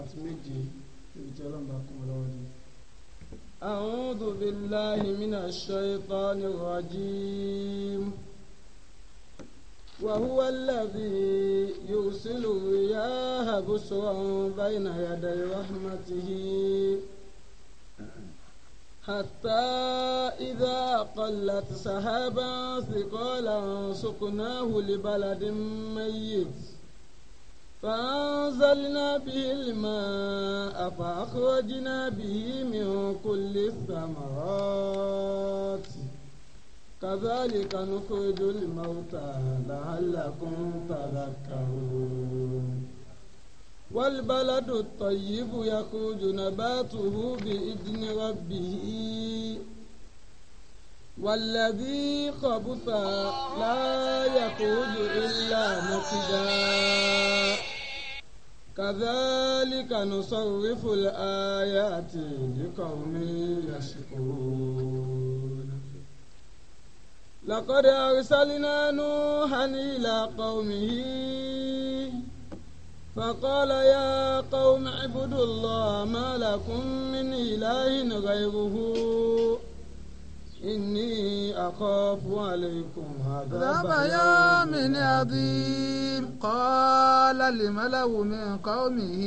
àti méje níbi tí ọlọ́run bá kún lọ́wọ́ dé. أعوذ بالله من الشيطان الرجيم وهو الذي يرسل الرياح بشرا بين يدي رحمته حتى إذا قلت سحابا ثقالا سقناه لبلد ميت فأنزلنا به الماء فأخرجنا به من كل الثمرات كذلك نخرج الموتى لعلكم تذكرون والبلد الطيب يخرج نباته بإذن ربه والذي خبث لا يخرج إلا نكدا كذلك نصرف الآيات لقوم يشكرون لقد أرسلنا نوحا إلى قومه فقال يا قوم اعبدوا الله ما لكم من إله غيره إني أخاف عليكم عذاب يوم عظيم قال الملأ من قومه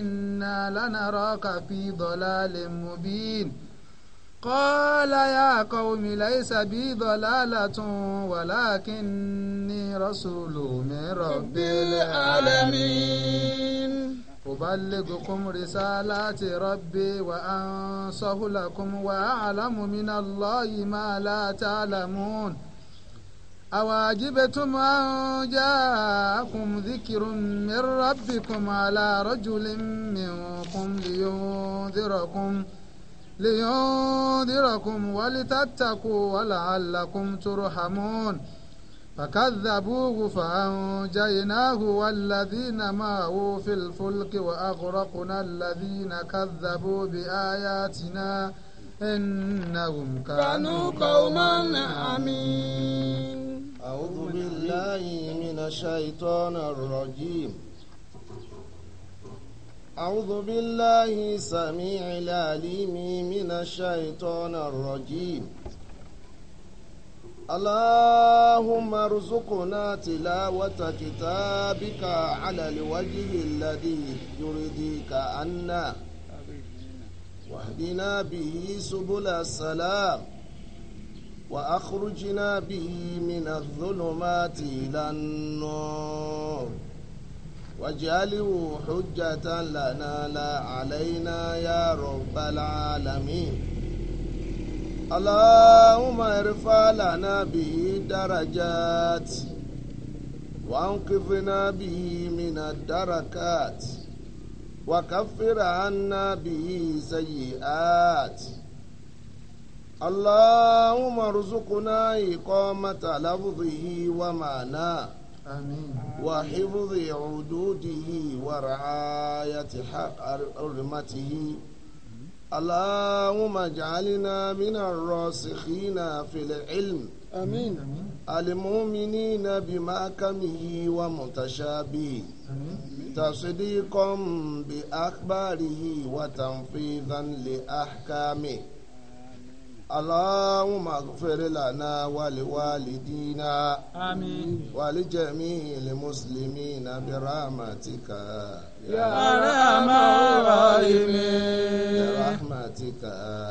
إنا لنراك في ضلال مبين قال يا قوم ليس بي ضلالة ولكني رسول من رب العالمين أبلغكم رسالات ربي وأنصه لكم وأعلم من الله ما لا تعلمون أواجبتم أن جاءكم ذكر من ربكم على رجل منكم لينذركم لينذركم ولتتقوا ولعلكم ترحمون فكذبوه فأنجيناه والذين معه في الفلك وأغرقنا الذين كذبوا بآياتنا إنهم كانوا قوما عمين أعوذ بالله من الشيطان الرجيم أعوذ بالله سميع العليم من الشيطان الرجيم اللهم ارزقنا تلاوة كتابك على الوجه الذي يرضيك عنا واهدنا به سبل السلام وأخرجنا به من الظلمات إلى النور واجعله حجة لنا لا علينا يا رب العالمين اللهم ارفع لنا به درجات وانقذنا به من الدركات وكفر عنا به سيئات اللهم ارزقنا إقامة لفظه ومعناه آمين وحفظ عدوده ورعاية حرمته اللهم اجعلنا من الراسخين في العلم آمين المؤمنين بمحكمه ومتشابهه تصديقا بأخباره وتنفيذا لأحكامه اللهم اغفر لنا ولوالدينا آمين ولجميع المسلمين برحمتك يا أرحم الراحمين برحمتك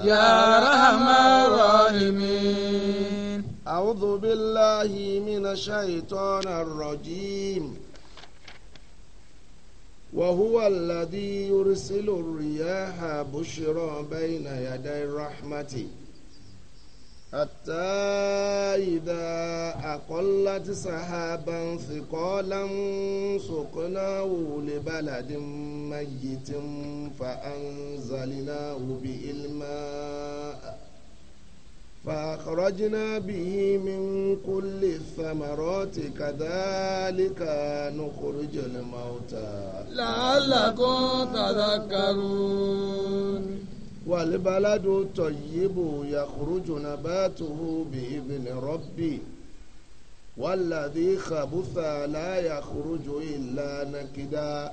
يا أرحم الراحمين أعوذ بالله من الشيطان الرجيم وهو الذي يرسل الرياح بشرا بين يدي رحمته حتى إذا أقلت سحابا ثقالا سقناه لبلد ميت فأنزلناه بإلماء فأخرجنا به من كل الثمرات كذلك نخرج الموتى لعلكم تذكرون والبلد الطيب يخرج نباته بإذن ربي والذي خبث لا يخرج إلا نكدا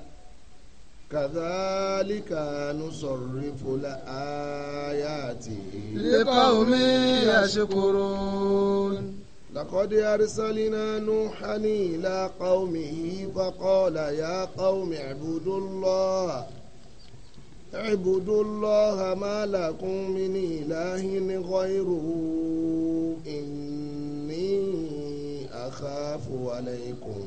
كذلك نصرف الآيات لقوم يشكرون لقد أرسلنا نوحا إلى قومه فقال يا قوم اعبدوا الله اعبدوا الله ما لكم من إله غيره إني أخاف عليكم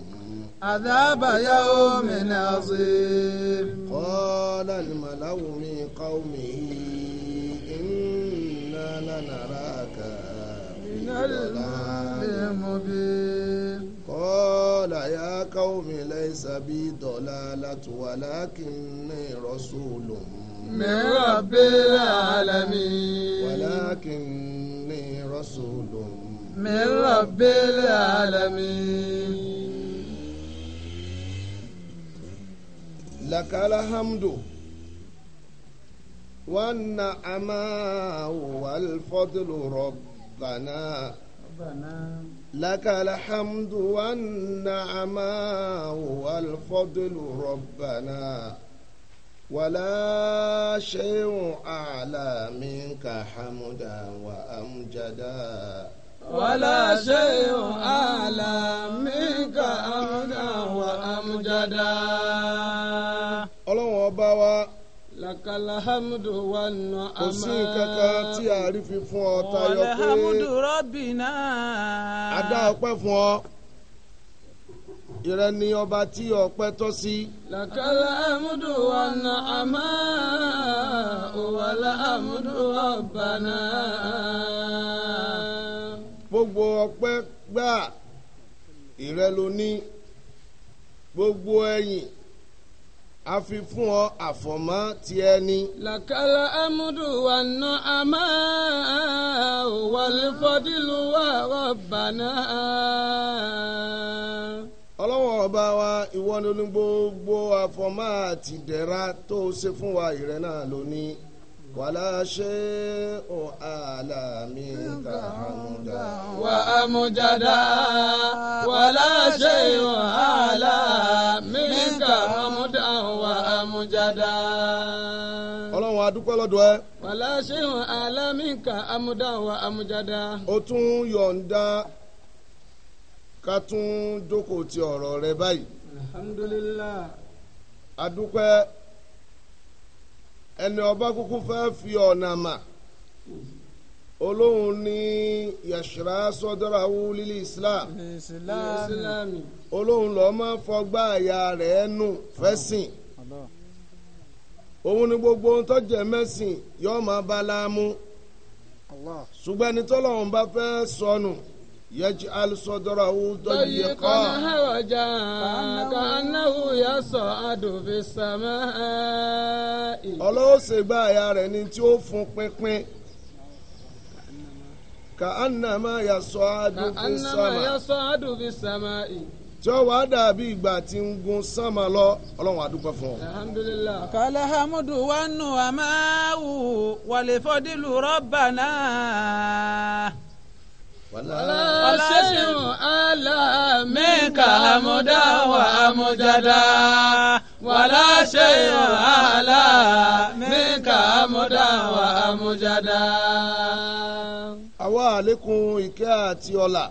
عذاب يوم عظيم قال الملأ من قومه إنا لنراك من ليس بي ضلالة ولكني رسول من رب العالمين ولكني رسول من رب العالمين لك الحمد والنعماء والفضل ربنا ربنا لك الحمد والنعماء والفضل ربنا ولا شيء أعلى منك حمدا وأمجدا ولا شيء أعلى منك حمدا وأمجدا lakalahamudu wa nọ àmà. kò sí kankan tí a rí fi fún ọ tayọ pé. wàlẹ́hàmúdù rọ́bìnà. a dá ọpẹ́ fún ọ ìrẹ ni ọba tí ọpẹ́ tọ́ sí. làkàlà àmúdù wa nà àmà òwàlà àmúdù ọ̀bànà. gbogbo ọpẹ́ gbà ìrẹ ló ní gbogbo ẹ̀yìn. E a fi fún ọ àfọ̀mọ́ ti ẹni. làkàlà amúdù wà ná a máa wà lè fọdílù wà rọ̀bànà. ọlọ́wọ́ ọba wa ìwọ ni ní gbogbo àfọ̀mọ́ àti dẹ̀ra tó o ṣe fún wa ìrẹ́ náà lónìí wàlá ò àlàmì kàhàmùdà. wà á mú jáde ò àlàmì kàhàmùdà. mujada. ọlọ́run adúpẹ́ lọ́dọ̀ ẹ. wàlá ṣéhùn alámìkà amúdá wa amújada. ó tún yọ̀ǹda ká tún jókòó ti ọ̀rọ̀ rẹ báyìí. alhamdulillah. adúpẹ́ ẹni ọba kúkú fẹ́ fi ọ̀nà mà olóhùn ní islam olóhùn lọ́ọ́ máa fọgbá àyà rẹ̀ nù fẹ́sìn òun ni gbogbo ohun tó mẹ́sìn yóò máa bá láàmú ṣùgbọ́n ẹni tọ́lọ́run bá fẹ́ sọnù yẹjú alùsọdọrọ àwọn tó yẹ kọ́. lọ́yìnkọ́ náà hàrọ̀jà kanáwó yà sọ àdòbí sàmà. ọlọ́wọ́ àyà rẹ̀ ni tí ó fún pínpín Ka yà sọ àdòbí sàmà. yà tí ó wàá dàbí ìgbà tí ń gun sánmà lọ ọlọ́run àdúgbò fún ọ. kàlẹ́ hamudu wa nù amáwù wàlẹ̀ fọdílù rọ́bà náà. wàlá sẹ́yìn alámẹ́ka amúdá wà amújádá. wàlá sẹ́yìn alámẹ́ka amúdá wà amújádá. àwa àlékún ìkẹ́ àti ọlá.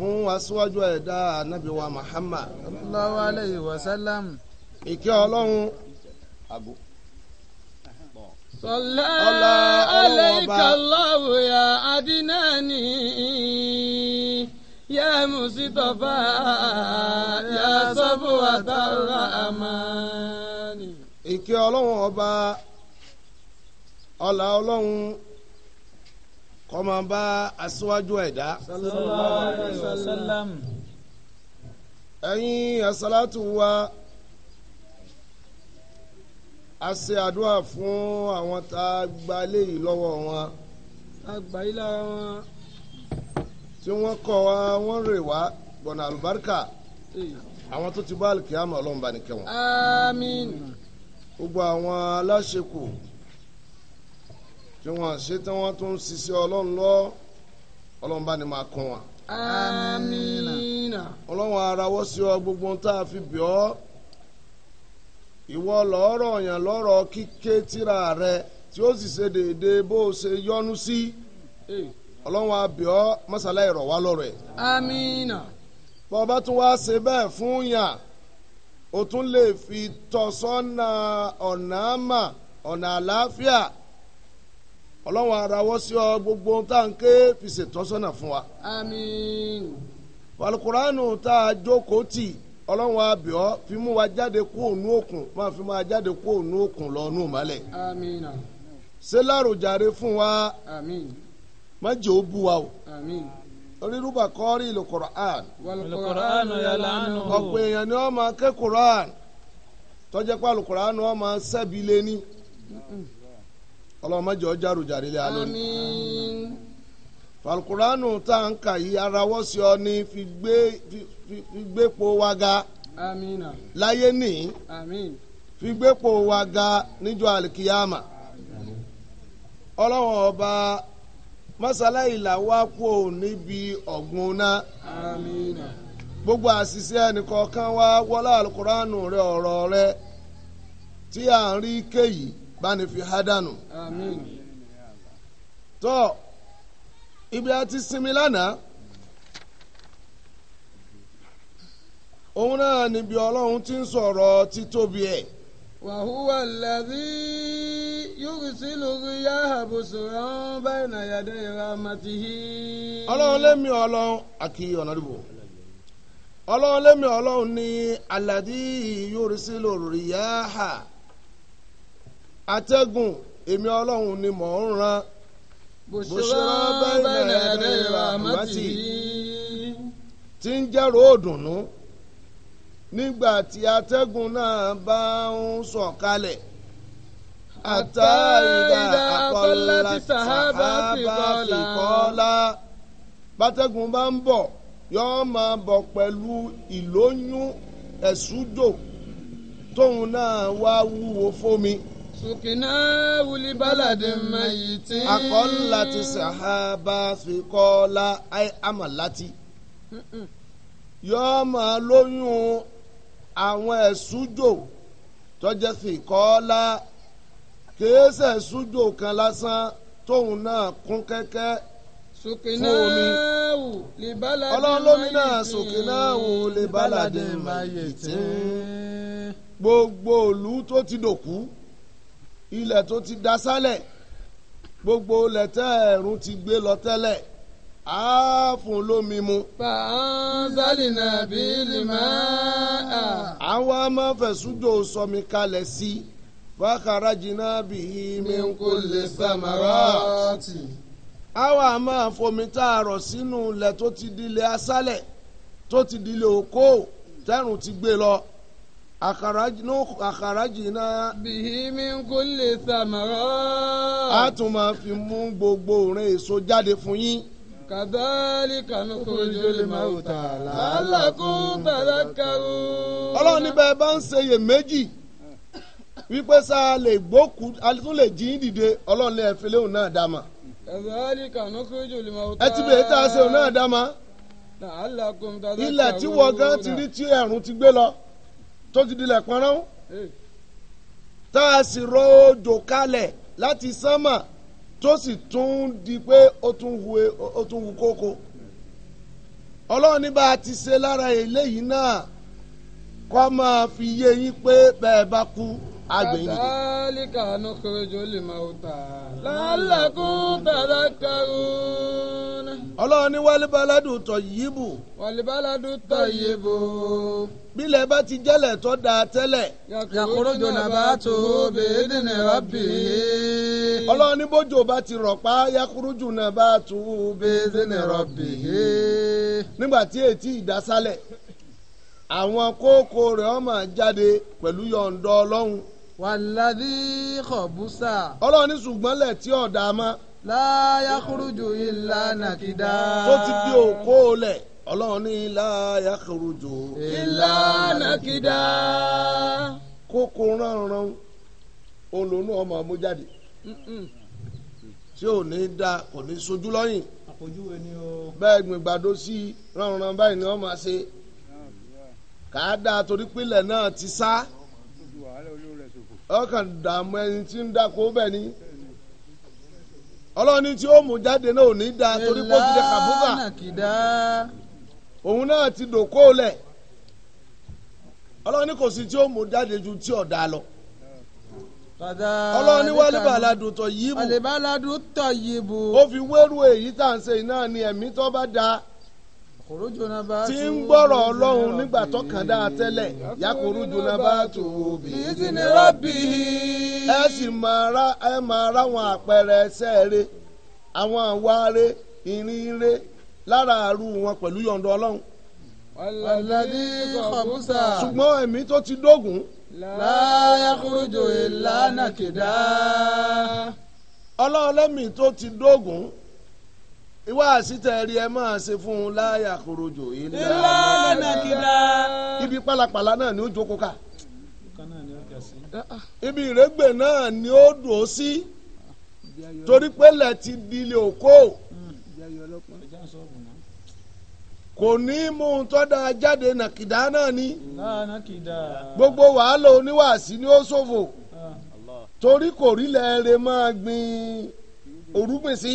fún aṣíwájú ẹ̀dá ànábì wa ọlọrụ sallallahu alayhi wa sallam. ìkẹ́ ọlọ́run. ya صلى عليك ya يا عدناني يا مصطفى يا صفوة الرحمن ìkẹ́ ọlọ́run ọba ọlá ọlọ́run kó máa bá aṣíwájú ẹ̀dá. sallallahu alayhi wa sallam. ẹ̀yin asalatu wa a ṣe àdúrà fún àwọn tá a gba léyìí lọ́wọ́ wọn. a gbà yí lára wọn. tí wọ́n kọ́ wa wọ́n rè wá gbọ̀nà àlùbáríkà àwọn tó ti bá àlùkìyàmọ̀ ọlọ́run bá ní kẹwọn. àmín. gbogbo àwọn aláṣẹ kù tí wọ́n ṣe tí wọ́n tún ṣiṣẹ́ ọlọ́run lọ ọlọ́run bá ní máa kún wa. amiina. ọlọ́run arawọ́ sí ọ gbogbo tá a fi bẹ̀ ọ́ ìwọ lọ́rọ̀ yàn lọ́rọ̀ kíké tíra rẹ tí ó sì ṣe déédéé bó o ṣe yọ́nú sí ọlọ́run abẹ̀ ọ́ mọ́sálá ìrọ̀ wá lọ́rọ̀ ẹ̀. amiina. bọ́ọ̀ tún wá ṣe bẹ́ẹ̀ fún yàn o tún lè fi tọ́sọ́nà ọ̀nà ọ̀nà àlàáfíà ọlọ́run arawọ́ sí ọ gbogbo tá à ń ké fi ṣètọ́sọ́nà fún wa. àmín. alukuraanu tá a jókòó tì ọlọ́run abẹ́ọ́ fi wa jáde kó ònú òkun máa fi máa jáde kó ònú òkun lọ nù mọ́lẹ̀. àmín. ṣé láròjàre fún wa. ma má jẹ́ wa o. àmín. onírúbà kọ́rí ọ̀pọ̀ ọlọ́run má jẹ́ ọjà rújà lílé alórí. falkuranu tá à ń kà yí arawọ́ sí ọ ní fi gbé po wa ga láyé ní fi gbé po wa ga níjọ alikiyama ọba masala ìlà wa kú ò níbi ọ̀gbun náà gbogbo àṣìṣe ẹnìkọ̀ọ̀kan wọlé báni fi há dànù. tọ́ ibi a ti sinmi lánàá òun náà níbi ọlọ́run ti ń sọ̀rọ̀ títóbi ẹ̀. wàhùwà lẹ́bí yúrùsílù ríyá àbùsùrán báyìí yàda ìrà màtìhí. ọlọ́run lẹ́mi ọlọ́run àkì ọ̀nàdìbò ọlọ́run lẹ́mi ọlọ́run ní aládìí yúrùsílù ríyá àbùsùrán. atẹ́gùn èmi ọlọ́run ni mò ń rán bùṣọ́rọ́ bẹ́ẹ̀ náà ẹ̀rọ àmọ́tì tí ń jẹ́rò òdùnnú nígbà tí atẹ́gùn náà bá ń sọ̀kalẹ̀ àtà ìdá àkọlá sàhábà bátẹ́gùn bá ń bọ̀ yọ́ọ́ máa bọ̀ pẹ̀lú ìlóyún ẹ̀sùjò tóun náà wá wúwo fómi. سقناه لبلد ميت أقلت سحابا ثقالا أي أملت yóò máa lóyún àwọn ẹ̀sújò tọ́jẹ́ fìkọ́ọ́lá kèésẹ̀ ẹ̀sújò kan lásán tóun náà kún kẹ́kẹ́ fún omi ọlọ́run lómi náà sòkè náà wò lè gbogbo òlú tó ti dòkú ilẹ̀ tó ti da sálẹ̀ gbogbo lẹ́tẹ̀ ẹ̀rùn ti gbé lọ tẹ́lẹ̀ á fún lómi mu. fàánzálì náà bí lìmọ́ à. àwọn amáfẹ̀sújò sọmi kalẹ̀ sí i fàkàrà jìnnà bìí mi kò lè sàmárọ̀tì. àwa máa fomi tààrọ̀ sínú ilẹ̀ tó ti dilẹ̀ asálẹ̀ tó ti dilẹ̀ òkó tẹ́rùn ti gbé lọ àkàràjìnà bìí mi ń kó lè sàmọ́rọ́. a tún máa fi mú gbogbo òrìn èso jáde fún yín. kàdáàlì kànú kojú lè máa wò tà lálàkùn tàlákàrú. ọlọ́run níbẹ̀ bá ń ṣeyè méjì wípé sá lè gbókù àtúntò lè jí dìde ọlọ́run lè fi léwu náà dá ma. kàdáàlì kànú kojú lè máa wò tà. ẹ ti bèè tá a ṣe òun náà dá ma. ilẹ̀ tí wọ́n gan ti rí tí ẹ̀rùn ti gbé lọ tó ti dilẹ̀ pọ́nrán tá a sì rọ òjò kalẹ̀ láti sánmà tó sì tún di pé e, ó tún hu kókó ọlọ́run ní bá a ti ṣe lára eléyìí náà kọ́ máa fi yé yín pé bẹ́ẹ̀ bá kú agbẹ̀yìn nìkan. kàtàlíkà nukhriju lil mauta la'allakum tadhakkarun ọlọ́run ní wálébáládù tọ̀ yíbù. wálébáládù tọ̀ yíbù. bílẹ̀ bá ti jẹ́lẹ̀ tó da tẹ́lẹ̀. yàkúrò jọ̀nà bá tó bèèdè ní rábì. ọlọ́run ní bójú bá ti rọ̀ pa yàkúrò jọ̀nà bá tó bèèdè ní rábì. nígbà tí ètí ìdásálẹ̀ àwọn kókó rẹ̀ ó máa jáde pẹ̀lú yọ̀ǹda ọlọ́run. wàládì kọ̀bùsà. ọlọ́run ní ṣùgbọ́n lẹ̀ tí ọ̀dà láyàkúrújù ilà nàkìdá. tó ti di òkó lẹ. ọlọ́run ní láyàkúrújù. ilà nàkìdá. kókó ránran ọmọ jáde tí ò ní da kò ní sojú lọ́yìn bẹ́ẹ̀ báyìí ni wọ́n máa ṣe torí ti sá ọkàn dààmú ẹni tí ń bẹ́ẹ̀ ni. ọlọ́ni tí ó mú jáde náà ò ní da torí kó ti dẹ kàbúkà òun náà ti dòkó lẹ̀ ọlọ́ni kò sí tí ó mú jáde ju tí ọ̀dà lọ ọlọ́ni wálébàládù tọ̀ yìí bù ó fi wérú èyí tá à ń ṣe náà ni ẹ̀mí tó bá da tí ń gbọ́rọ̀ ọlọ́run nígbà tó kàn dáa tẹ́lẹ̀ yakuru junaba tó bí ìdílé rábì. ẹ sì máa ráwọn àpẹẹrẹ sẹ́ẹ̀rẹ́ àwọn àwáre ìrìnrere lára àrù wọn pẹ̀lú yọ̀ǹda ọlọ́run. ọ̀làdí kọ̀bùsà. ṣùgbọ́n ẹ̀mí tó ti dógùn. láyàkúrú jòyè lánàá kìdá. ọlọ́ọ̀lẹ́mì tó ti dógùn. ìwà àsìtẹ̀rí ẹ máa ṣe fún un láyà korojò ilẹ̀ nàkìdá. ibi pálapàla náà ni ó jókòó ká. ibi ìrẹ́gbẹ̀ náà ni ó dùn ó sí torí pé ti di ilé òkó. kò ní mú un tọ́da jáde nàkìdá náà ni. gbogbo wàhálà oníwàásí ni ó ṣòfò torí kò rí ma máa gbin orúgbìn sí.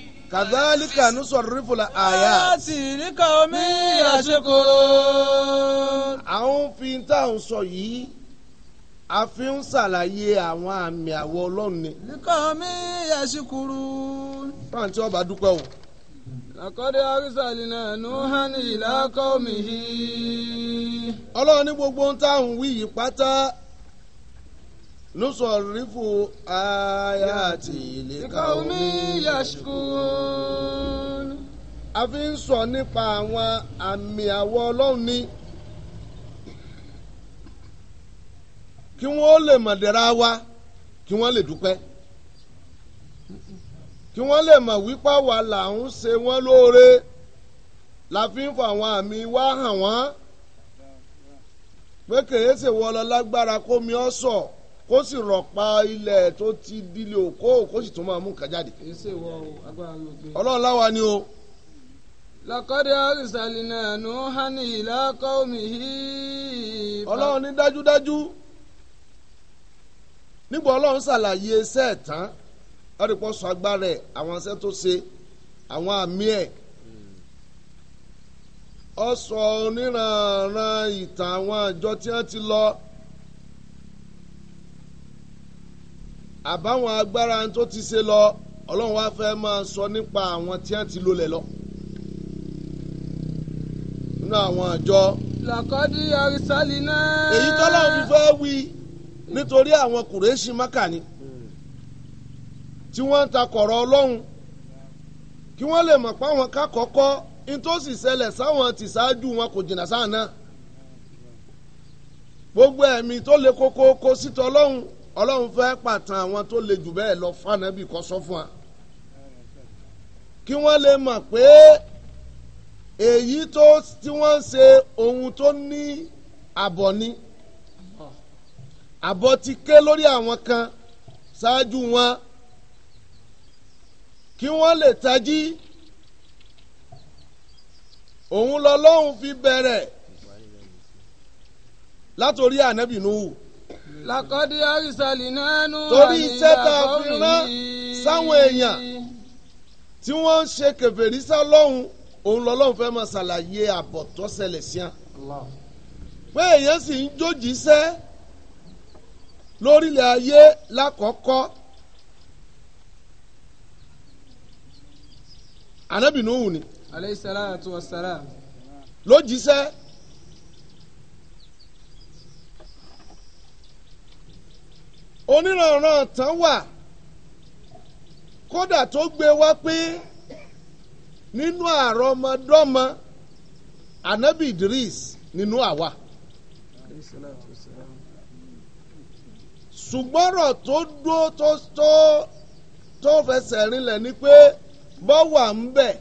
kàdálíkà nusarrifu la àyà. láti ní kàómi yashkuru. àwọn fi tá sọ yìí a fi ń ṣàlàyé àwọn àmì àwọ ọlọ́run ni. ní kàómi yashkuru. pàǹtí ọba dúpẹ́ o. laqad arsalna Nuhan ila qaumihi. ọlọ́run ní gbogbo ń táwọn wí yìí pátá nusọ̀rífù ayáàtì lìkàwọ́mí yashkun. a fi ń sọ nípa àwọn àmì àwọ̀ ọlọ́run ni kí wọ́n lè mọ̀dẹ́ra wa kí wọ́n lè dúpẹ́ kí wọ́n lè mọ̀ wípé wa là ń ṣe wọ́n lóore la fi ń fọ àwọn àmì wa hàn wọ́n pé kèé ṣèwọ́ lọ kó mi ọ́ sọ̀. So kó sì rọ̀pa ilẹ̀ tó ti dílé òkó sì tún máa mú nǹkan jáde. èsì wọ agbára lóde. ọlọ́run láwa ni o. lakọ́dẹ́ nù omi yìí. ọlọ́run ní dájúdájú nígbà ọlọ́run ṣàlàyé iṣẹ́ ẹ̀ tán ọ̀rìpọ̀ sọ agbára àwọn iṣẹ́ tó lọ. àbáwọn agbára tó ti ṣe lọ ọlọ́run wá fẹ́ máa sọ nípa àwọn tí wọ́n ti lólẹ̀ lọ. nínú àwọn àjọ. làkọ́dí arísálì náà. èyí tọ́lá òun fẹ́ wí nítorí àwọn kùrẹ́ṣì mákà ni tí wọ́n ń ta kọ̀rọ̀ ọlọ́run kí wọ́n lè mọ̀ pé àwọn kákọ́kọ́ nítòsí ṣẹlẹ̀ sáwọn ti ṣáájú wọn kò jìnnà sáà náà gbogbo ẹ̀mí tó le koko kó sítọ́ ọlọ́run ọlọ́run fẹ́ pàtàn àwọn tó le jù bẹ́ẹ̀ lọ fànàbì kọ́ sọ fún wa kí wọ́n lè mọ̀ pé èyí tó tí wọ́n ń ṣe ohun tó ní àbọ̀ ni àbọ̀ ti ké lórí àwọn kan ṣáájú wọn kí wọ́n lè tají òun lọ́lọ́run fi bẹ̀rẹ̀ látòrí ànábì Nuhu lakọ́dí àrísàlì náà nù. torí iṣẹ́ tá a fi rán sáwọn èèyàn tí wọ́n ń ṣe kèfèrí sá lọ́hùn òun lọ́lọ́hùn fẹ́ máa ṣàlàyé àbọ̀ tó ṣẹlẹ̀ sí wọn. pé èèyàn sì ń jójìíṣẹ́ lórílẹ̀ ayé lákọ̀ọ́kọ́. anábìnú wù aleyhi salatu wa salam. lójìíṣẹ́. oníranran tán wà kódà tó gbé wá pé nínú àrọmọdọ́mọ anabi idris nínú àwa ṣùgbọ́n ọ̀rọ̀ tó dó tó tó tó fẹsẹ̀ rinlẹ̀ ni pé bọ́wà ń bẹ̀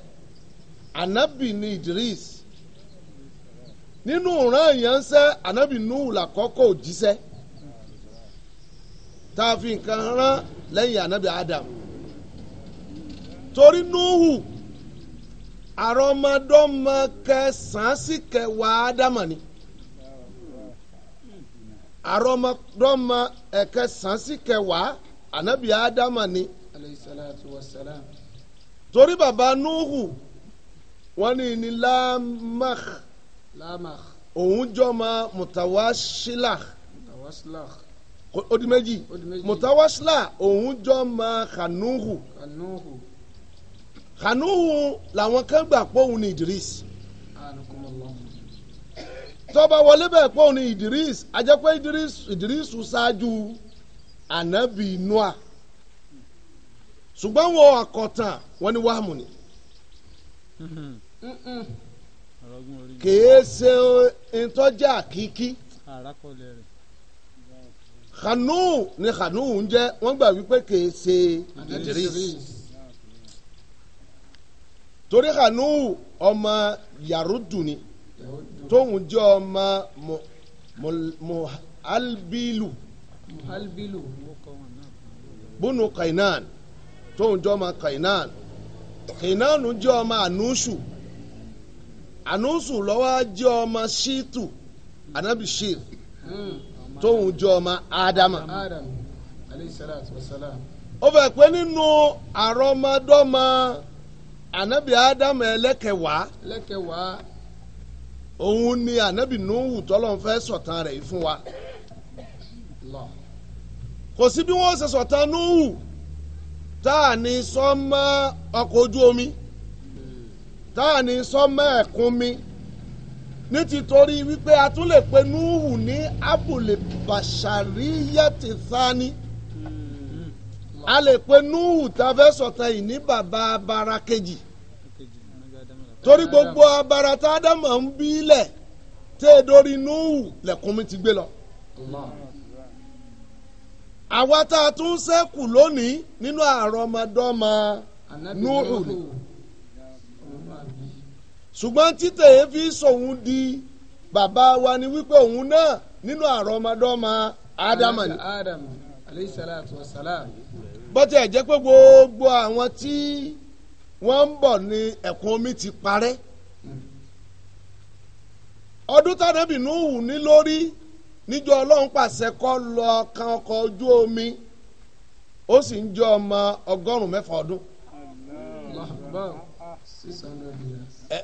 anabi ni idris nínú ìran yẹn ń sẹ́ anabi nuhu làkọ́kọ́ òjíṣẹ́ tá a fi nǹkan rán lẹ́yìn ànábì Adam torí Nuhu àrọmọdọ́mọ kẹsàn-án sí kẹwàá Ádámà ni àrọmọdọ́mọ ẹ̀kẹsàn-án sí kẹwàá ànábì Ádámà ni alayhi salatu wassalam torí bàbá Nuhu wọ́n ní ní Lamach òun jọ́ ma mutawasilah. mutawasilah Odi meji, méjì mutawasila òun jọ ma kanuhu kanuhu làwọn kan gbà pé òun ni idris tọ́ba wọlé bẹ́ẹ̀ pé òun ni idris ajẹ́pẹ́ idris idris ṣáájú anabi noah ṣùgbọ́n wọn àkọ́tàn wọn ni wàhámù ni kèé ṣe ntọ́jà kíkí kanu ni kanu ń jẹ́ wọ́n gbà wípé kìí ṣe idris torí kanu ọmọ yarudu ni tóun jẹ́ ọmọ muhalbilu bunu kainan tóun jẹ́ ọmọ kainan kainan jẹ́ ọmọ anushu anushu ló wá jẹ́ ọmọ shitu anabi shitu. Hmm. tóun jọ ọmọ ádámà. ó fẹ́ pé nínú àrọ́mọdọ́mọ anabi adama ẹlẹ́kẹ̀wàá òun ni anabi nùhù tọ́lọ́n fẹ́ sọ̀tàn rẹ̀ fún wa. kò sí bí wọ́n ṣe sọ̀tàn nùhù tá a ní ojú omi tá a ní mi. nítìtorí wípé a tún lè pe Nuhu ní abùlé bàṣàríyàtì sani a lè pe Nuhu tàbẹ́ sọ̀tàn yìí ní abara kejì torí gbogbo abara tá a dámọ̀ ń bí lẹ̀ tẹ́ dórí Nuhu lẹ́kùn mi ti gbé lọ àwa tá a tún ṣẹ́kù lónìí nínú Nuhu ni. ṣùgbọ́n títẹ̀ yẹn fi sọ̀hún di bàbá wa ni wípé òun náà nínú àrọ́mọdọ́mọ ádámà ni. ádámù alayhi salatu wa salam. bọ́tí ẹ̀ jẹ́ pé gbogbo àwọn tí wọ́n ń bọ̀ ní ẹ̀kún omi ti parẹ́ ọdún tàdébì nùhù ní lórí níjọ́ ọlọ́run pàṣẹ kọ́ lọ kan ọkọ̀ ojú omi ó sì ń jẹ́ ọmọ ọgọ́rùn-ún mẹ́fà ọdún.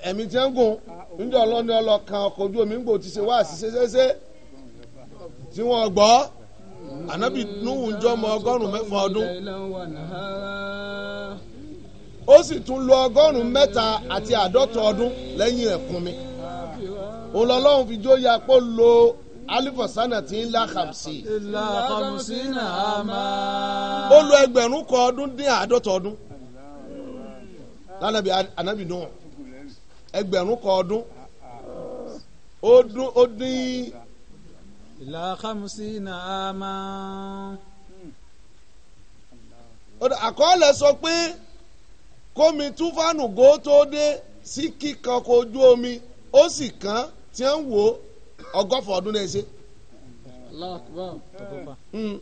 ẹ̀mí tí ń gùn níjọ́ ọlọ́ni ọlọ́kan ọkọ̀ ojú omi ń gbò ti ṣe wá àṣìṣe tí wọ́n gbọ́ ànábì Nuhu jọ ọmọ ọgọ́rùn-ún mẹ́fà ọdún ó sì tún lo mi fi jó ya pé ó lo alifasana ti ńlá kàmsí. ó ẹgbẹ̀rún kan ọdún ó dún ó dín. na ama àkọọ́lẹ̀ sọ pé kómi túfánù gò tó dé sí ojú omi ó sì kàn tí ń wò ọgọ́fà ọdún náà ṣe. Hmm.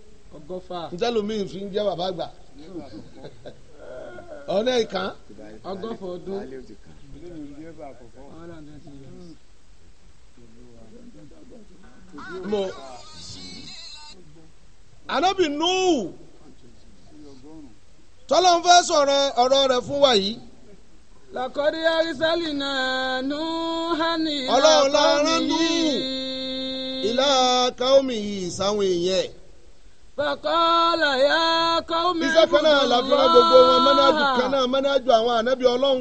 fi ń jẹ́ bàbá àgbà ọ̀nà mo anabi nuhu tọ́lọ́n fẹ́ sọ̀rọ̀ ọ̀rọ̀ rẹ̀ fún wa yìí. lakọ́dí arísálì náà nù hánì ìlà kọ́mi yìí. ìlà kọ́mi yìí sáwọn èèyàn. fàkọ́lá ya kọ́mi. iṣẹ́ kan náà làfihàn gbogbo wọn mọ́nájú kan náà àwọn ànábì ọlọ́run.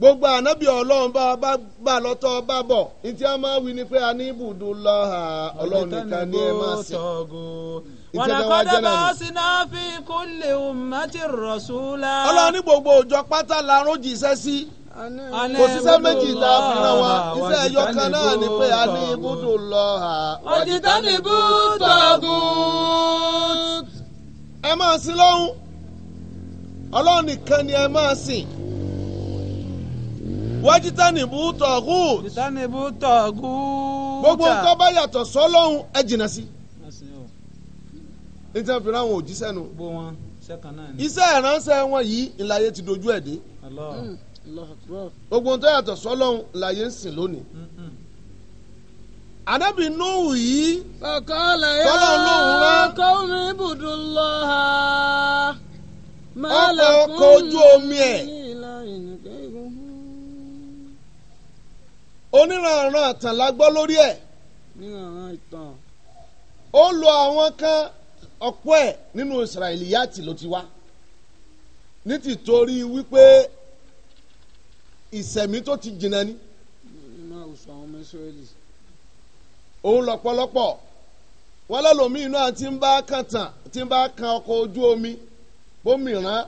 gbogbo anabi ọlọrun bá bá bá lọ́tọ́ bá a máa wí ni pé a ní ibùdó lọ́ha ọlọ́run nìkan ni ẹ máa sìn. wàlàkọ́dé bá a sì náà fi kúnlẹ̀ ummati rọ̀ṣúlá. ọlọ́run ní gbogbo òjọ pátá la rún jíṣẹ́ sí kò síṣẹ́ méjì tá a fi ràn wá iṣẹ́ ẹ̀yọ náà ni pé a ní ibùdó ẹ ni ẹ wájítánì bú tọ̀gù. wájítánì bú tọ̀gù. gbogbo nǹkan bá yàtọ̀ sọ́lọ́hún ẹ jìnnà sí. níta fi ráwọn òjíṣẹ́ nu. bó wọn ṣẹ́kan náà ni. iṣẹ́ ìránṣẹ́ wọn yìí ìlàyé ti dojú ẹ̀ dé. Mm, gbogbo nǹkan yàtọ̀ sọ́lọ́hún ìlàyé ń sìn lónìí. Ànábì Nuhu yìí. Fọkànlá yóò kọ́ mi ibùdó lọ́ha. ọkọ̀ ojú omi ẹ̀. oníranran àtàn la gbọ́ lórí ẹ̀. oníranran ìtàn. ó lo àwọn kan ọ̀pọ̀ ẹ̀ nínú Israeliyati ló ti wá nítìtorí wípé ìsẹ̀mí tó ti jìnnà ni. nínú àwùjọ àwọn ọmọ Israẹli. òun lọ́pọ̀lọpọ̀ wọn lẹ́lòmíì náà ti ń bá kan tàn ti ń bá kan ọkọ̀ ojú omi bómi rán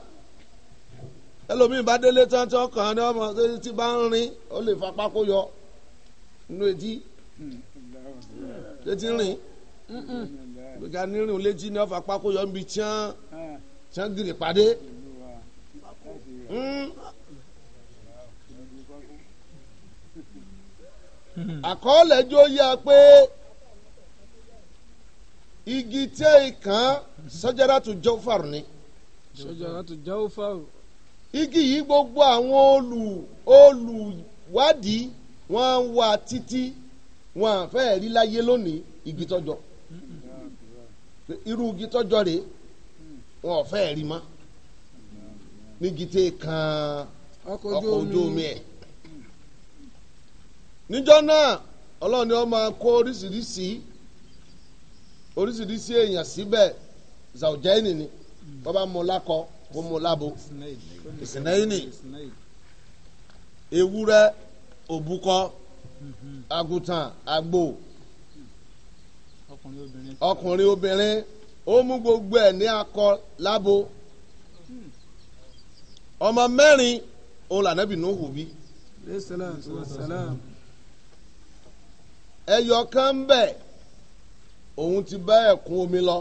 ẹlòmíì bá délé tán tí ọkàn ni ọmọ tí bá ń rin ó lè fapá kó yọ nínú etí létí rìn gbẹ̀gà nírìn létí ní ọ̀fà pákó yọ̀ níbi tiẹ́ tiẹ́ gírì pàdé hmm. àkọọ́lẹ̀ jó yá pé igi tẹ́ ìkàn sọ́jàràtù jọ́fàr ni. sọ́jàràtù jọ́fàr. igi yìí gbogbo àwọn olùwádìí wọ́n ń wá títí wọ́n à fẹ́ rí láyé lónìí igi tọ́jọ irú igi tọ́jọ rèé wọ́n ò fẹ́ rí mọ́ nígi tẹ́ kan ọkọ̀ ojú omi ẹ̀ níjọ́ náà ọlọ́run ni wọ́n máa kó oríṣiríṣi oríṣiríṣi èèyàn síbẹ̀ zaujẹ́ni ni wọ́n bá mú lakọ kó mú labo ìsìnẹ́yìn ni ewúrẹ́ òbúkọ àgùntàn àgbò ọkùnrin obìnrin ó mú gbogbo ẹ̀ ní akọ lábo ọmọ mẹ́rin òun lànàbì ní òhù bí. ẹyọ kan ń bẹ òun ti bá ẹ̀kún omi lọ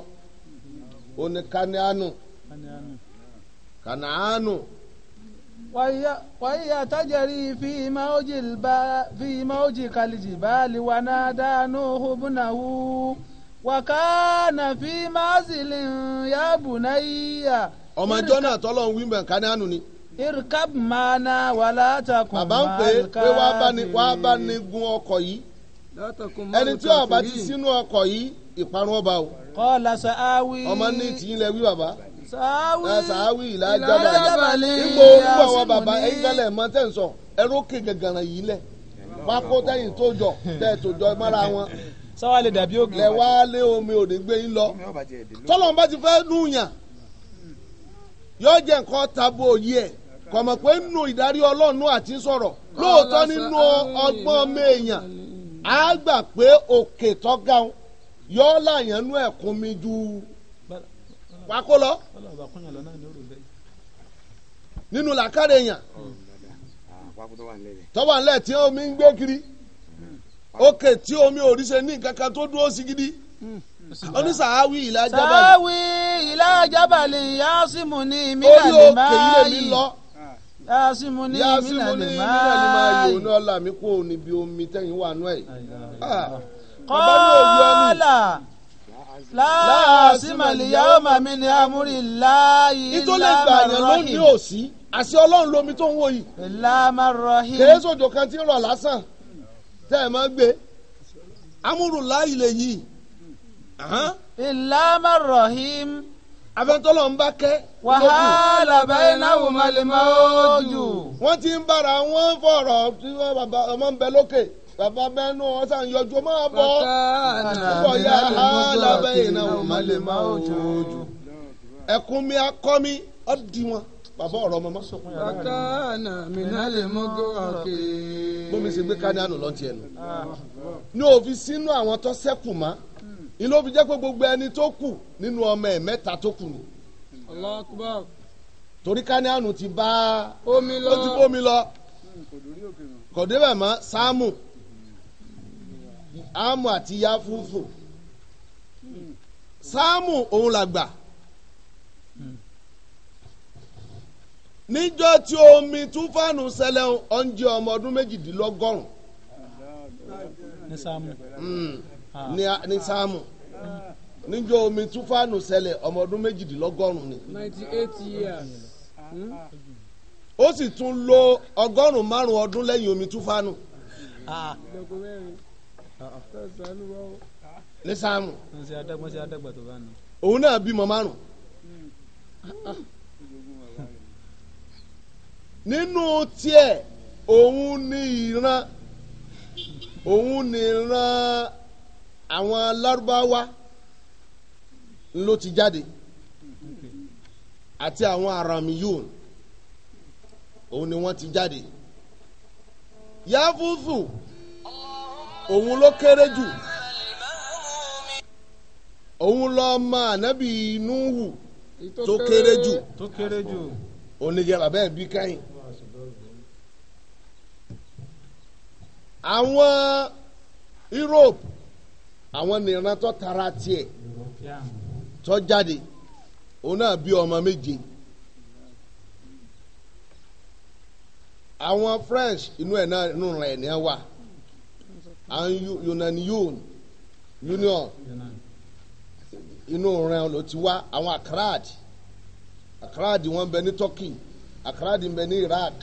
ó ní kanianu وهي تجري في موج في موج كالجبال ونادى نوح ابنه وكان في معزل يا بني ọmọ jọ́nà tọ́lọ́hún wíńbẹ̀ kánánù ni. irkab mana wàlá takùn máa bàbá ń pè é pé wàá bá ní wàá bá ní gun ọkọ̀ yìí. ẹni tí ọba ti sínú ọkọ̀ yìí ìparun ọba o. kọ́ lásán áwí. ọmọ ní tìyín lẹ wí bàbá. sàáwì ìlàjàbàlì ipò ipò àwọn bàbá ẹ̀yin tẹ́lẹ̀ mọ́ tẹ̀ ń sọ yìí tó jọ jọ wọn. sáwá lè dàbí lẹ wá lé omi òde gbé yín lọ tọ́lọ̀ bá ti fẹ́ núyàn yóò jẹ́ nǹkan tabo pé nù ìdarí ọlọ́run àti sọ̀rọ̀ lóòótọ́ nínú ọgbọ́n wàá kó lọ. nínú làkàrẹ̀ èèyàn tọ́wọ́ àlẹ́ tí omi ń gbé kiri òkè tí omi ò rí ṣe ní nǹkan kan tó dúró sí gidi onísàáwí ìlà jábàlì. sàáwí ìlà jábàlì yasimu ni mina lè máa yìí. orí òkè ilé mi lọ. yasimu ni mina lè máa yìí. yasimu ni mina lè máa yìí. òní ọ̀la mi kò níbi omi tẹ̀yìn wà nù ẹ̀. kọ́lá láàsìmọ̀ lìyá ọmọ mi ni amúrí láàyè lámàrọ́hìn. ìtòlè gbàyàn ló ní òsì àti ọlọ́run lomi tó ń wò yìí. lámàrọ́hìn. kèé sòjò kan ti ń rọ̀ lásán tẹ́ ẹ̀ máa gbé amúrù láàyè lè yí. lámàrọ́hìn. afẹ́ntọ́lọ́ ń bá kẹ́. wàhálà bẹ́ẹ̀ náà wò má lè máa ó jù. wọ́n ti ń bára wọn fọ̀rọ̀ ọmọ ń bẹ lókè bàbá bẹ́ẹ̀ nù wọn sàn yọjú máa bọ̀ púpọ̀ yà á lábẹ́ iná wọn má lè má òjòjú. ẹkún mi akọ́ mi ọ́ di wọn bàbá ọ̀rọ̀ ọmọ mọ́sọ̀kún yàrá rẹ̀. bàkánà mi náà lè mọ gòkè. bómi ṣe gbé kánìánù lọ́ntì ẹnu. ní òfin sínú àwọn tó sẹ́kù mọ́ ilé òfin jẹ́ pé gbogbo ẹni tó kù nínú ọmọ ẹ̀ mẹ́ta tó kù nù. Allahu Akbar. torí kánìánù ti bá omi lọ ó ti bómi lọ kò débẹ̀ mọ́ sáàmù àmù àti yáfúfù sáàmù òun làgbà níjọ́ tí omi túfánù ṣẹlẹ̀ ọ̀njẹ́ ọmọ ọdún méjìdínlọ́gọ́rùn ní sáàmù hmm. ah. ní sáàmù níjọ́ omi túfánù ṣẹlẹ̀ ọmọ ọdún méjìdínlọ́gọ́rùn ni. ninety eight years. Hmm. ó sì tún lo ọgọ́rùn-ún márùn ọdún lẹ́yìn omi túfánù. Ah ní sáàmù. òun náà bímọ márùn. nínú tiẹ̀ òun ní ìran òun ní ìran àwọn lárúbáwá ló ti jáde àti àwọn aramiyun òun ni wọ́n ti jáde yáfúfù òun ló kéré jù òun lọ ọmọ ànábì Nuhu tó kéré jù tó kéré bí káyìn. àwọn Europe àwọn nìran tó tara tiẹ̀ tó jáde òun náà bí ọmọ méje. àwọn French inú ẹ̀ náà inú rẹ̀ ní wà and yunaniyun union inú rẹ̀ ló ti wá àwọn akrad akrad wọ́n bẹ ní turkey akrad bẹ ní iraq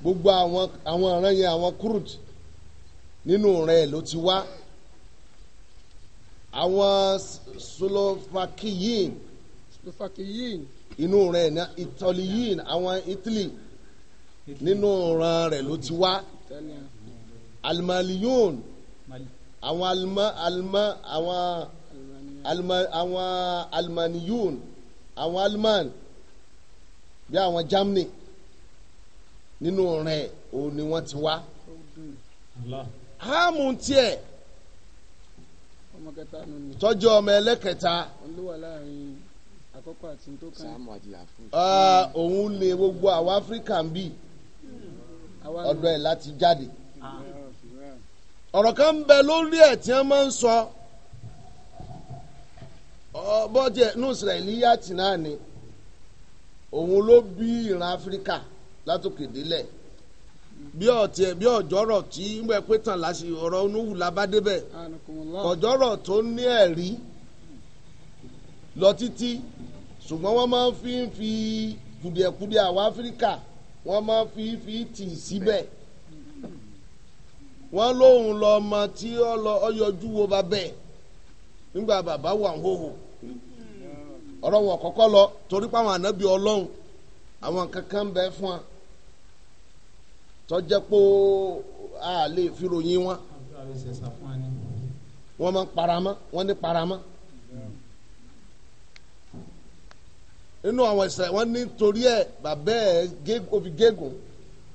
gbogbo àwọn àwọn ọ̀ràn yẹn àwọn kurd nínú rẹ̀ ló ti wá àwọn slovakiyin slovakiyin inú rẹ̀ ní italiyin àwọn italy nínú rẹ̀ ló ti wá. Italian almaliyun àwọn alma alma àwọn alma àwọn almaniyun àwọn alman bí àwọn germany nínú rẹ̀ o ni wọ́n ti wá háàmù tiẹ̀ tọ́jú ọmọ ẹlẹ́kẹta àkọ́kọ́ àti tó kàn. sáàmù àti àfúrúsì. òun lè gbogbo àwọn áfíríkà ń bì ọ̀dọ̀ ẹ̀ láti jáde. ọ̀rọ̀ kan bẹ lórí ẹ̀ tí wọ́n máa ń sọ bọ́jẹ̀ ní ìsirẹ̀lì yàtì náà ni òun ló bí ìran áfíríkà látòkè délẹ̀ bí ọ̀tí bí ọ̀jọ́rọ̀ tí tàn láṣì ọ̀rọ̀ onúwù ọ̀jọ́rọ̀ tó ní ẹ̀rí lọ títí ṣùgbọ́n wọ́n máa fi fi kùdìẹ̀kudìẹ̀ àwọn áfíríkà wọ́n máa ń fi fi tì wọn lóun lọ ọmọ tí ó yọjú wo bàbá ẹ̀ nígbà bàbá wà hóhò ọ̀rọ̀ wọn lọ torí pé ànábì àwọn kankan bẹ fún wa tọ́jẹ́ pé a lè fi ròyìn wọn wọn máa ń paramọ́ ní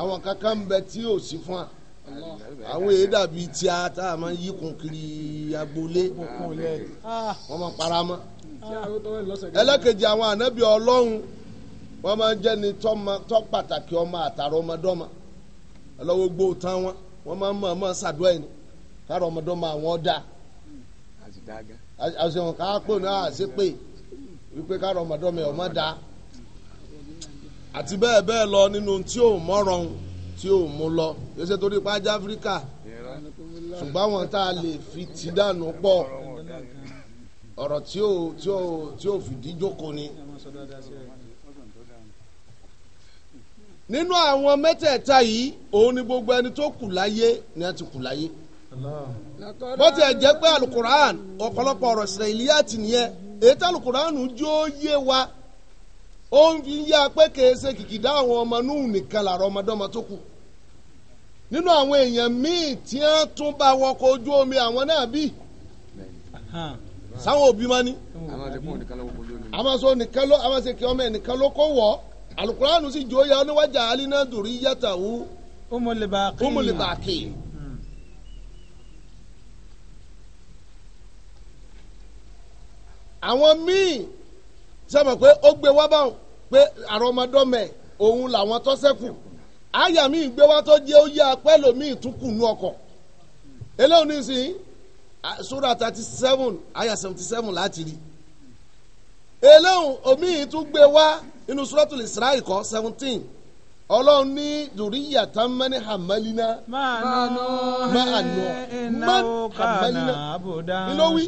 àwọn kankan bẹ tí ò sí fún wa àwọn èyí dàbí tí a tá a máa ń yíkun kiri agboolé wọn máa para mọ́ ẹlẹ́kejì àwọn ànábì ọlọ́run wọ́n máa ń jẹ́ni pàtàkì ọmọ àtàrà ọmọdọ́mọ ọlọ́wọ́ gbó tán wọn máa ọmọ ṣàdúrà ẹni àwọn náà wípé àti bẹ́ẹ̀ bẹ́ẹ̀ lọ nínú tí ò mọ́ràn tí ò mú lọ yóò ṣe torí pa ajá áfíríkà ṣùgbọ́n àwọn tá a lè fi ti dànù pọ̀ ọ̀rọ̀ tí ò tí ò tí ò fìdí jókòó ni. nínú àwọn mẹ́tẹ̀ẹ̀ta yìí òun ni gbogbo ẹni tó kù láyé ni a ti kù láyé. bó tiẹ̀ jẹ́ pé alukur'an ọ̀pọ̀lọpọ̀ ọ̀rọ̀ Israiliyat nìyẹn èyí tí alukur'an jó yé wa. ó ń fi yá pé kèése kikida àwọn ọmọ núhùn nìkan làrá ọmọdọ́mọ tó kù nínú àwọn èèyàn míì tí wọ́n tún bá omi àwọn náà bí sáwọn òbí máa ní. àmọ́ sọ nìkan ló àmọ́ sọ kí ọmọ ẹ̀ nìkan ló kó alukuraanu sì jó ya oníwájà alina dùrí yàtàwó umulibaki. Hmm. àwọn míì sọmọ pé ó gbé wá báwọn pé àrọmọdọ́mẹ òun làwọn tó ṣẹ́kù àyà mi gbé wá tó jẹ́ ó yẹ apẹ́lò mi ìtúkù nú ọkọ̀ eléyìí ní sìn sura thirty seven àyà seventy seven láti rí eléyìí omi ìtúgbé wá inú suratul Isra'il kọ́ seventeen. ọlọ́run ní tá a mẹ́ni hamalina. máa nọ máa nọ ìnáwó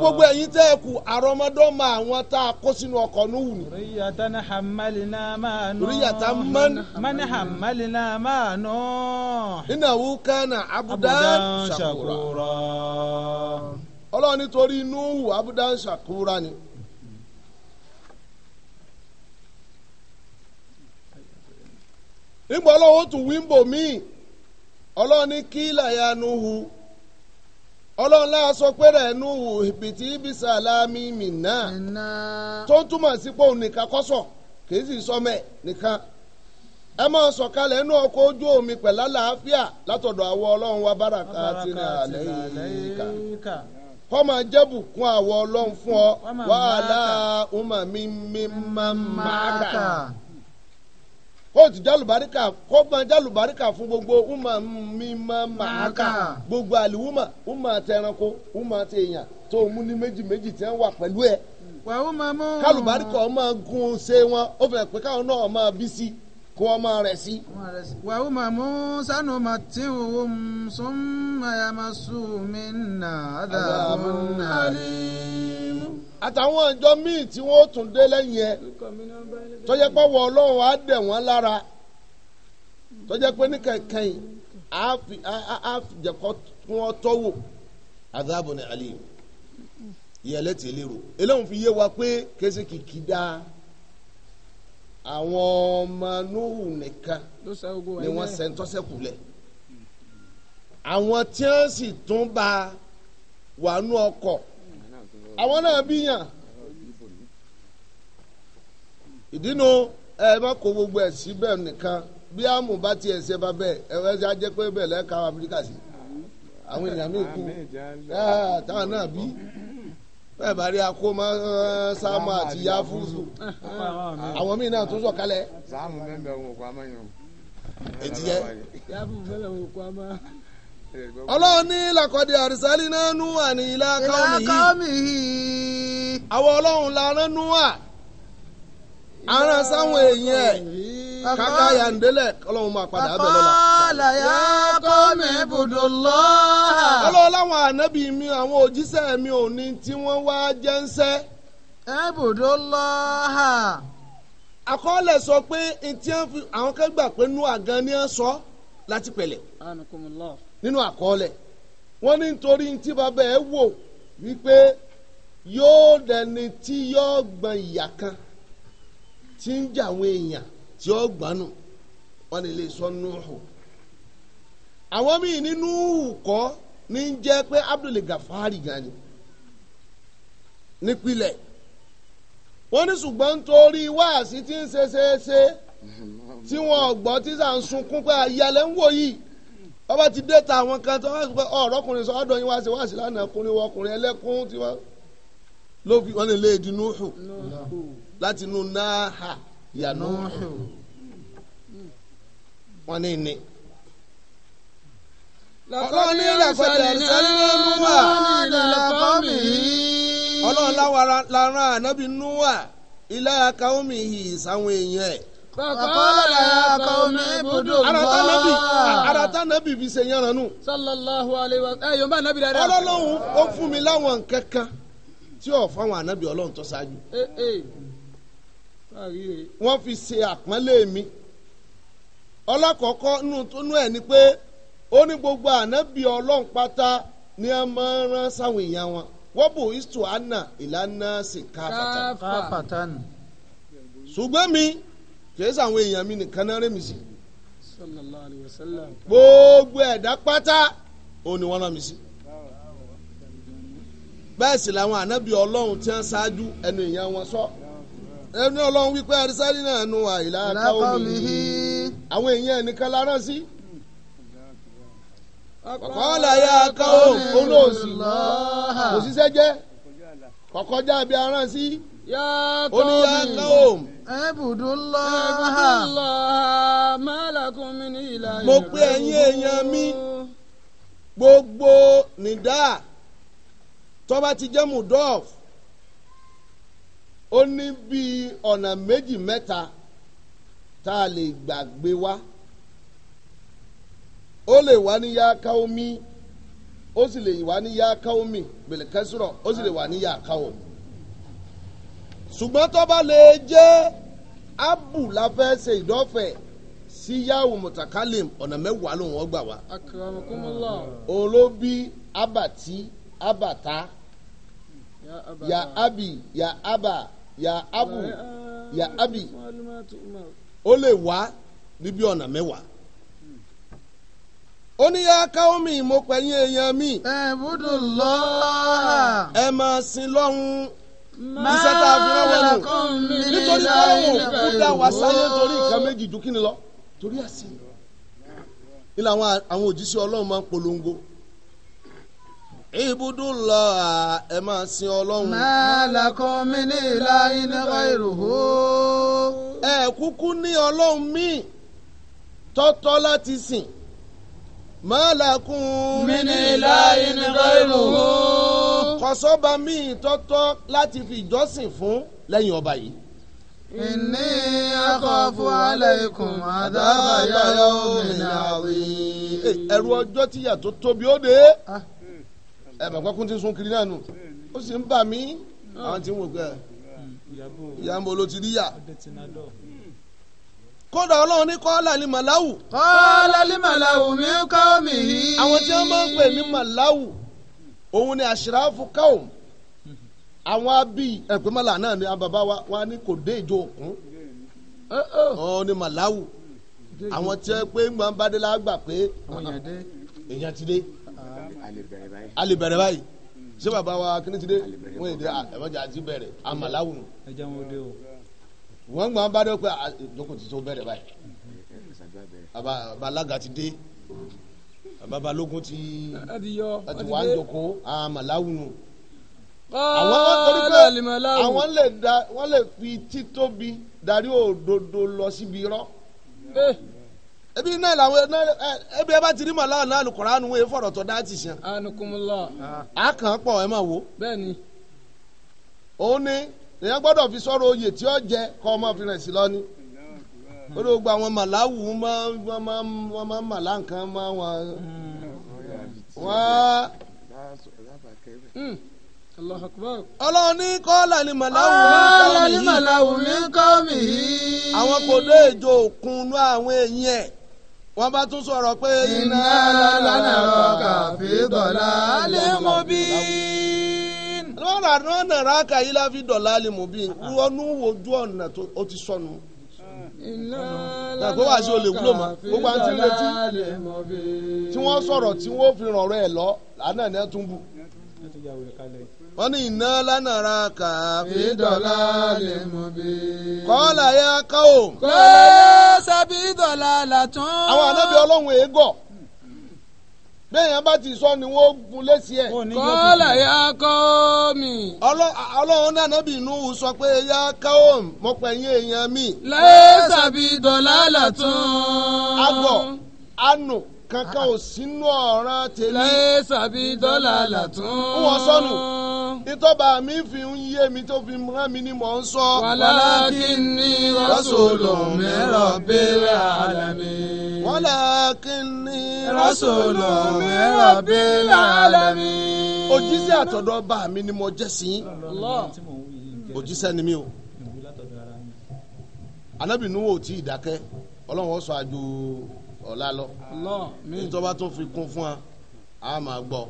gbogbo ẹ̀yin tẹ́ ẹ kù àrọ́mọdọ́mọ ma tá a kó sínú ọkọ̀ níwù tá a máa nọ. tá a mẹ́ni máa nọ. ṣàkóró. inú wù ṣàkóró ni. nígbà ọlọ́run tún wí ń nuhu ọlọ́run láà nuhu ibisa aláàmì mìíná tó túmọ̀ sí pé òun nìkan kọ́sọ̀ kì í sì nìkan ẹ máa inú ọkọ̀ omi pẹ̀lú àlàáfíà látọ̀dọ̀ àwọ ọlọ́run wa báraka tí ní alẹ́ yìí kà kọ́ fún ọ wàhálà máa kóòtù jálùbáríkà kó máa jálùbáríkà fún gbogbo uma mímọ́ màákà gbogbo uma uma tẹranko uma tèèyàn tó mú ní méjì méjì tí wọ́n wà pẹ̀lú ẹ̀. wàá ó máa mú. kálùbáríkà ó máa gun ṣe wọn ó fẹ́ pé káwọn náà máa bí sí i kó ọmọ rẹ̀ sí. wà ó máa mú sánú máa tí òun sún máa máa sùn mí nà àdàbọ̀ nàlẹ́. àtàwọn àjọ míì tí wọ́n tún dé lẹ́yìn ẹ tó jẹ́ pé wọ́n ọlọ́run á dẹ̀ wọ́n lára tó jẹ́ pé ní kankan á jẹ́ kó wọ́n tọ́wò àdàbọ̀ nàlẹ́ yìí ẹlẹ́tì lérò eléyìí fi yé wa pé kése kìkì dáa àwọn ọmọ nóhù nìkan ni wọ́n sẹ́ńtọ́sẹ́kù lẹ̀ àwọn tí wọ́n sì tún bá wàánú ọkọ̀ àwọn náà bíyàn ìdínú ẹ má kó gbogbo ẹ̀ síbẹ̀ nìkan bí àmù bá tiẹ̀ ṣe bá bẹ́ẹ̀ ẹ wẹ́n ṣe á pé bẹ́ẹ̀ lẹ́ka Áfíríkà sí àwọn èèyàn mi kú táwọn náà bí. bẹ́ẹ̀ bá ma sáàmù àti yáfúsù ah, ah, ah, àwọn míì náà tó sọ kalẹ̀. sáàmù mẹ́mbẹ́ òun kò àmọ́ yẹn o. ètí jẹ́. yáfúsù mẹ́mbẹ́ òun kò àmọ́. ọlọ́run ní làkọ́dé àrísálí náà nú àní ilá káwọ́mì yìí. àwọn ọlọ́run la nú sáwọn èèyàn ẹ̀ ọlọ́run máa padà bẹ̀ lọ́la. kọ́ọ̀lá kọ́ mi ànábì mi àwọn mi ò ní tí wọ́n wá àkọọ́lẹ̀ sọ pé etí àwọn pé ni wọ́n sọ láti pẹ̀lẹ̀ nínú àkọọ́lẹ̀ wọ́n ní nítorí tí bàbá wò wípé yóò dẹni tí yóò kan tí ń jà àwọn èèyàn tí ó wọn lè sọ àwọn míì nínú ní jẹ́ pé Abdul Gafari gan ni nípìnlẹ̀ wọ́n ní ṣùgbọ́n nítorí wáàsí tí ń ṣe ṣeéṣe tí wọ́n gbọ́ tí sà ń sunkún pé ọba ti dé ta àwọn kan tó wá sí pé ọrọkùnrin sọ ọ̀dọ̀ yín wá sí lánàá ọkùnrin tí ló fi lè di láti ọlọ́run lára ànábì núwà ilé akáwọ́mì yìí sáwọn èèyàn ẹ̀. Kọ̀kọ́lá omi ibùdó gbọ́. Arata nabi fi ṣe yan ranu. Sallallahu alayhi wa sallam. Yorùbá nabi dada. ó fún mi láwọn ọlọ́run tó Wọ́n fi ṣe àpọ́nlé mi. Ọlọ́kọ̀ọ́kọ́ nù tó nù ẹ̀ ni ó ní gbogbo ànábì ọlọ́run pátá ni a máa ń rán sáwọn èèyàn wọn wọ́n bò istu anna ìlànà sí káfàtà ṣùgbọ́n mi kì í èèyàn mi nìkan náà rémi sí gbogbo ẹ̀dá pátá òun ni wọ́n rán mi sí bẹ́ẹ̀ sì làwọn ànábì ọlọ́run tí wọ́n ṣáájú ẹnu èèyàn wọn sọ ẹnu ọlọ́run wípé arísárì náà nu àìlá káwọn mi àwọn èèyàn ẹnìkan lára sí. ọkọọla ya ká òun òun náà sì kò síṣẹ́ aràn sí ó mo pe ẹ̀yin èèyàn mi gbogbo nìdá tọ́ba ti jẹ́ mudolf ó ní bíi ọ̀nà méjì mẹ́ta tá a lè o le wa ní yá ká omi o si le wa ní yá ká omi gbèlè kẹsùrọ̀ o si le wa ní yá omi. ṣùgbọ́n tó le lè jẹ́ abu la fẹ́ ṣe ìdọ́fẹ̀ sí yahoo mutakalim ọ̀nà mẹ́wàá lòun ọgbà abati abata ya abi ya aba ya abu ya abi o le wa níbi ọ̀nà mẹ́wàá. ó ní yá mo pẹ̀yìn èèyàn mi. ẹ ẹ máa sin lọ́hún. iṣẹ́ tá a fi rán wọn nù. nítorí báwo kú dá wa sáyé torí nǹkan méjì dùn torí ilé àwọn ọlọ́run máa ń polongo. ibùdó lọ ẹ máa sin ọlọ́run. mi ní ìlà ìrùhó. ní ọlọ́run ma lakum min ilahin ghayruhu. kọ̀sọ́ba míì tọ́tọ́ láti fi ìjọsìn fún lẹ́yìn ọba yìí. inni akhafu alaykum adhaba yawmin adhim. ẹ̀rù ọjọ́ tíyà tó tóbi ó dé ah. ẹ̀ bàbá kún ti sun kiri náà nù ó sì ń bà mí ah. àwọn tí ń wò pé ìyá ń ti rí yà kódà ọlọ́run ní kọ́lá ní màláwù. kọ́lá ní màláwù mi ń kọ́ mi yìí. àwọn tí wọ́n máa ń pè ní màláwù òun ni àṣìráfù káwọ̀ àwọn abí ẹ̀pẹ́mọ́là náà ni bàbá wa wa ní kò dé ìjọ òkun ọ̀hún ni màláwù àwọn tí wọ́n pé ńgbà ń bá dé lágbà pé èèyàn ti dé alìbẹ̀rẹ̀ báyìí ṣé bàbá wa kíní ti dé wọ́n èdè àbájá ti bẹ̀rẹ̀ àmàláwù ẹ jẹ́ wọn ó dé o. wọ́n gbọ́n bá dé pé àdókò ti tó bẹ̀rẹ̀ báyìí abalaga ti dé àbábalógún ti wà ń joko àwọn lè fi títóbi darí òdodo lọ síbi irọ́ eh. ebi náà làwọn ebi ẹ bá ti rí màláwọ náà Al-Qur'an wo efọ̀rọ̀ tó dá ti sàn. a kàn pọ̀ ẹ wo. bẹ́ẹ̀ni. ó ní èèyàn gbọ́dọ̀ fi sọ̀rọ̀ oyè tí ó jẹ kọ́ ọmọ fi rìn sí lọ́ni lórí àwọn màláwù máa ń màlá nǹkan máa wọn. ọlọ́run ní kọ́ọ̀lá ni màláwù ní kọ́ọ̀mì yìí. ni màláwù ní kọ́ọ̀mì yìí. àwọn kò dé èjò òkun ní àwọn èèyàn ẹ̀ wọ́n bá tún sọ̀rọ̀ pé. iná lánàá rọ̀ kàfé dọ̀là lè mọ bí. àdọ́nà àdọ́nà aka yìí láfi dọ̀là àlèmọ́bí wọ́n nú wojú ọ̀nà ti sọnù tàbí wàá sí olè wúlò mọ́ gbogbo àti retí tí wọ́n sọ̀rọ̀ tí wọ́n fi ẹ̀ lọ ni ẹ tún bù wọ́n ní iná lánàá fi lè bí. kọ́lá ká o. kọ́lá bẹ́ẹ̀yàn bá ti sọ ni wọ́n gun lẹ́sí ẹ̀. kọ́lá ya kọ́ mi. ọlọ́run náà nábì inú sọ pé ya kọ́ mọ pẹ̀yìn èèyàn mi. lẹ́sàbí dọ̀là làtún. àgọ̀ ànú kankan ò sínú ọ̀ràn tèmi. lẹ́yìn sàbí dọ́là làtún. ń wọ sọnù ìtọ́ba mi fi ń yé mi tó fi rán mi ni mò ń sọ. walakinni rasulun min rabbil alamin. walakinni rasulun min rabbil alamin. òjíṣẹ́ àtọ̀dọ̀ bá mi ni mo jẹ́ sí. òjíṣẹ́ ni mi o. anábìnú wo tí ì dákẹ́ ọlọ́run ó sọ àjò ọ̀la lọ. ní tó bá tún fi kún fún wa a máa gbọ́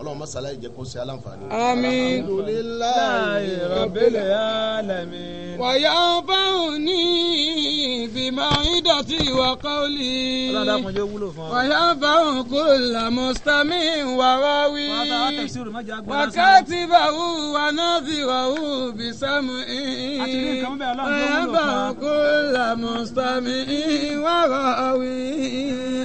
ọlọ́run masala yìí jẹ́ kó ṣe aláǹfààní. àmín alhamdulilayi rabbil alamin. wàyà fáwọn ní bímọ ìdọ̀tí ìwà kọ́ọ̀lì. ọlọ́dà kan yóò wúlò fún wa. wàyà fáwọn kò là mọ́sítámì wí. wákàtí báwù wà náà ti wà wàyà fáwọn kò là mọ́sítámì wí.